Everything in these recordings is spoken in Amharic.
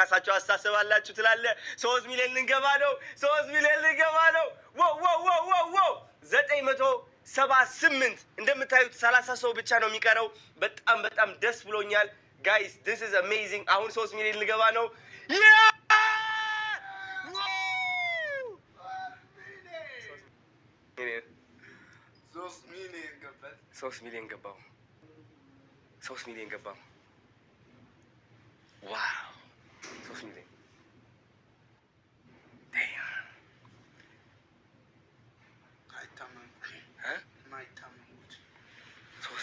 ራሳቸው አስተሳሰብ አላችሁ ትላለ። ሶስት ሚሊዮን ልንገባ ነው፣ ሶስት ሚሊዮን ልንገባ ነው። ወወወወወው ዘጠኝ መቶ ሰባ ስምንት እንደምታዩት ሰላሳ ሰው ብቻ ነው የሚቀረው። በጣም በጣም ደስ ብሎኛል ጋይስ፣ ዲስ ኢዝ አሜዚንግ። አሁን ሶስት ሚሊዮን ልንገባ ነው። ሶስት ሚሊዮን ገባው። ሶስት ሚሊዮን ገባው።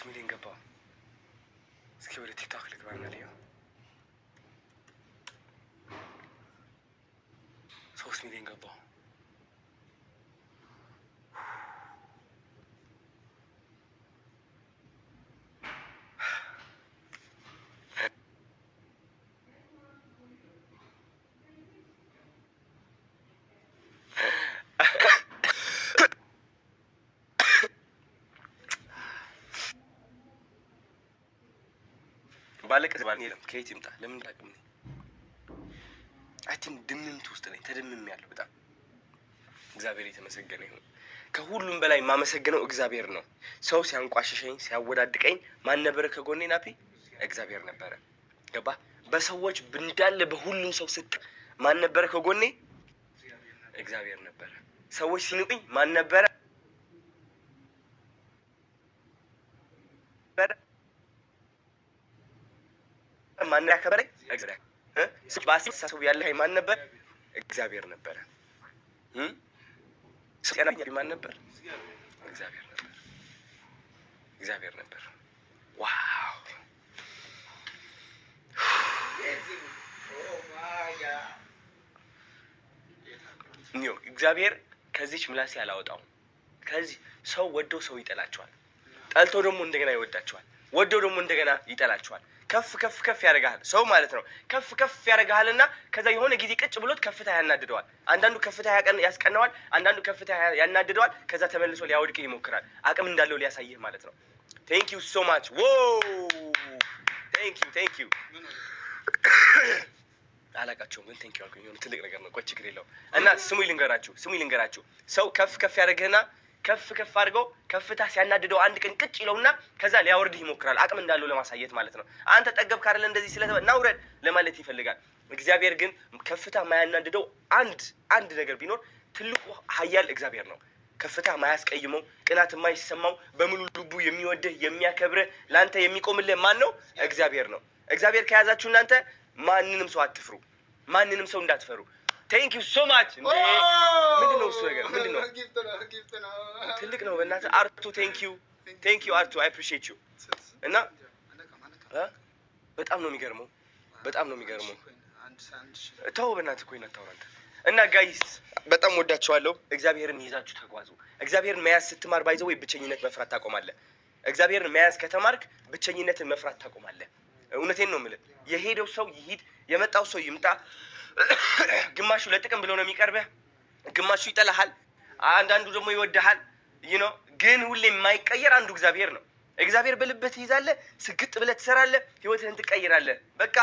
ሚሊዮን ገባ። እስኪ ወደ ቲክታክ ልግባና ልዩ ሶስት ሚሊዮን ገባ ባለቀ የለም። ከየት ይምጣ? ለምን ነኝ? አይ ቲንክ ድምምት ውስጥ ነኝ። ተደምም ያለው በጣም እግዚአብሔር የተመሰገነ ይሁን። ከሁሉም በላይ የማመሰግነው እግዚአብሔር ነው። ሰው ሲያንቋሽሸኝ፣ ሲያወዳድቀኝ ማን ነበረ ከጎኔ? ናፒ እግዚአብሔር ነበረ። ገባ በሰዎች እንዳለ በሁሉም ሰው ስት ማን ነበረ ከጎኔ? እግዚአብሔር ነበረ። ሰዎች ሲንቁኝ ማን ነበረ? አላውቅም። ማን ያከበረኝ? በአስር ሳሰቡ ያለኸኝ ማን ነበር? እግዚአብሔር ነበረ። ማን ነበር? እግዚአብሔር ነበር። እግዚአብሔር ነበር። ዋው እግዚአብሔር ከዚች ምላሴ አላወጣውም። ከዚህ ሰው ወዶ ሰው ይጠላቸዋል፣ ጠልቶ ደግሞ እንደገና ይወዳቸዋል። ወደው ደግሞ እንደገና ይጠላችኋል። ከፍ ከፍ ከፍ ያደርግሃል፣ ሰው ማለት ነው። ከፍ ከፍ ያደርግሃልና ከዛ የሆነ ጊዜ ቅጭ ብሎት ከፍታ ያናድደዋል። አንዳንዱ ከፍታ ያስቀናዋል፣ አንዳንዱ ከፍታ ያናድደዋል። ከዛ ተመልሶ ሊያወድቅ ይሞክራል፣ አቅም እንዳለው ሊያሳይህ ማለት ነው። ቴንክ ዩ ሶ ማች ዎ ቴንክ ዩ ቴንክ ዩ አላቃቸውም ግን ቴንክ ዩ አልኩኝ። የሆነ ትልቅ ነገር ነው። ቆይ ችግር የለውም እና ስሙ ልንገራችሁ፣ ስሙ ልንገራችሁ። ሰው ከፍ ከፍ ያደርግህና ከፍ ከፍ አድርገው ከፍታ ሲያናድደው አንድ ቀን ቅጭ ይለውና ከዛ ሊያወርድህ ይሞክራል። አቅም እንዳለው ለማሳየት ማለት ነው። አንተ ጠገብ ካደለ እንደዚህ ስለ ናውረድ ለማለት ይፈልጋል። እግዚአብሔር ግን ከፍታ ማያናድደው አንድ አንድ ነገር ቢኖር ትልቁ ኃያል እግዚአብሔር ነው። ከፍታ ማያስቀይመው፣ ቅናት የማይሰማው፣ በሙሉ ልቡ የሚወድህ የሚያከብርህ፣ ለአንተ የሚቆምልህ ማን ነው? እግዚአብሔር ነው። እግዚአብሔር ከያዛችሁ እናንተ ማንንም ሰው አትፍሩ። ማንንም ሰው እንዳትፈሩ። ቴንክ ዩ ሶ ማች። ምንድን ነው እሱ ነገር ትልቅ ነው። በእናትህ አርቱ ቴንኪዩ ቴንኪዩ አርቱ አይ አፕሪሺየት ዩ እና በጣም ነው የሚገርመው። በጣም ነው የሚገርመው። ተው በእናትህ ኮይን አታውራ እና ጋይስ በጣም ወዳችኋለሁ። እግዚአብሔርን ይዛችሁ ተጓዙ። እግዚአብሔርን መያዝ ስትማር ባይዘው ወይ ብቸኝነት መፍራት ታቆማለህ። እግዚአብሔርን መያዝ ከተማርክ ብቸኝነትን መፍራት ታቆማለህ። እውነቴን ነው የምልህ። የሄደው ሰው ይሂድ፣ የመጣው ሰው ይምጣ። ግማሹ ለጥቅም ብሎ ነው የሚቀርበህ፣ ግማሹ ይጠላሃል። አንዳንዱ ደግሞ ይወድሃል። ይህ ነው ግን ሁሌ የማይቀየር አንዱ እግዚአብሔር ነው። እግዚአብሔር በልብህ ትይዛለህ፣ ስግጥ ብለህ ትሰራለህ፣ ህይወትህን ትቀይራለህ። በቃ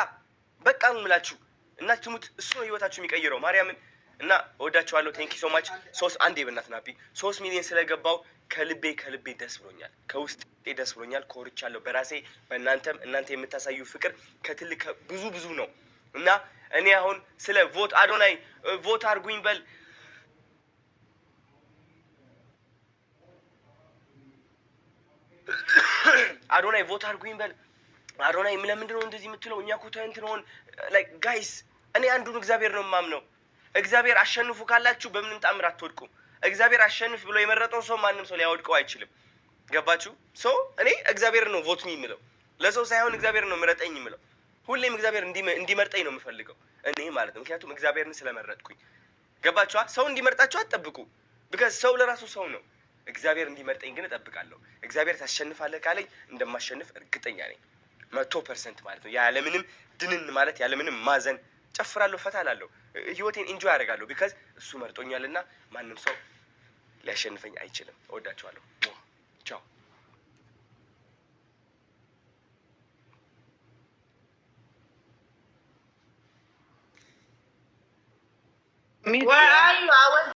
በቃ ምላችሁ እና ትሙት፣ እሱ ነው ህይወታችሁ የሚቀይረው። ማርያምን እና እወዳችኋለሁ። ቴንኪ ሶ ማች ሶስት አንዴ በእናት ናፒ ሶስት ሚሊዮን ስለገባው ከልቤ ከልቤ ደስ ብሎኛል፣ ከውስጤ ደስ ብሎኛል። ኮርቻለሁ በራሴ በእናንተም እናንተ የምታሳዩ ፍቅር ከትልቅ ብዙ ብዙ ነው እና እኔ አሁን ስለ ቮት አዶናይ ቮት አርጉኝ በል አዶናይ ቮት አድርጉኝ በል። አዶናይ ለምንድን ነው እንደዚህ የምትለው? እኛ እኮ እንትን ላይክ ጋይስ፣ እኔ አንዱን እግዚአብሔር ነው የማምነው። እግዚአብሔር አሸንፉ ካላችሁ በምንም ጣምር አትወድቁም። እግዚአብሔር አሸንፍ ብሎ የመረጠው ሰው ማንም ሰው ሊያወድቀው አይችልም። ገባችሁ? ሶ እኔ እግዚአብሔር ነው ቮት የሚምለው ለሰው ሳይሆን እግዚአብሔር ነው ምረጠኝ የምለው። ሁሌም እግዚአብሔር እንዲመርጠኝ ነው የምፈልገው እኔ ማለት ነው። ምክንያቱም እግዚአብሔርን ስለመረጥኩኝ። ገባችኋ? ሰው እንዲመርጣችሁ አትጠብቁ። ቢካዝ ሰው ለራሱ ሰው ነው። እግዚአብሔር እንዲመርጠኝ ግን እጠብቃለሁ። እግዚአብሔር ታሸንፋለህ ካለኝ እንደማሸንፍ እርግጠኛ ነኝ። መቶ ፐርሰንት ማለት ነው። ያለምንም ድንን ማለት ያለምንም ማዘን ጨፍራለሁ፣ ፈታላለሁ፣ ህይወቴን እንጆ ያደርጋለሁ ቢካዝ እሱ መርጦኛል ማንም ሰው ሊያሸንፈኝ አይችልም። እወዳቸዋለሁ። ቻው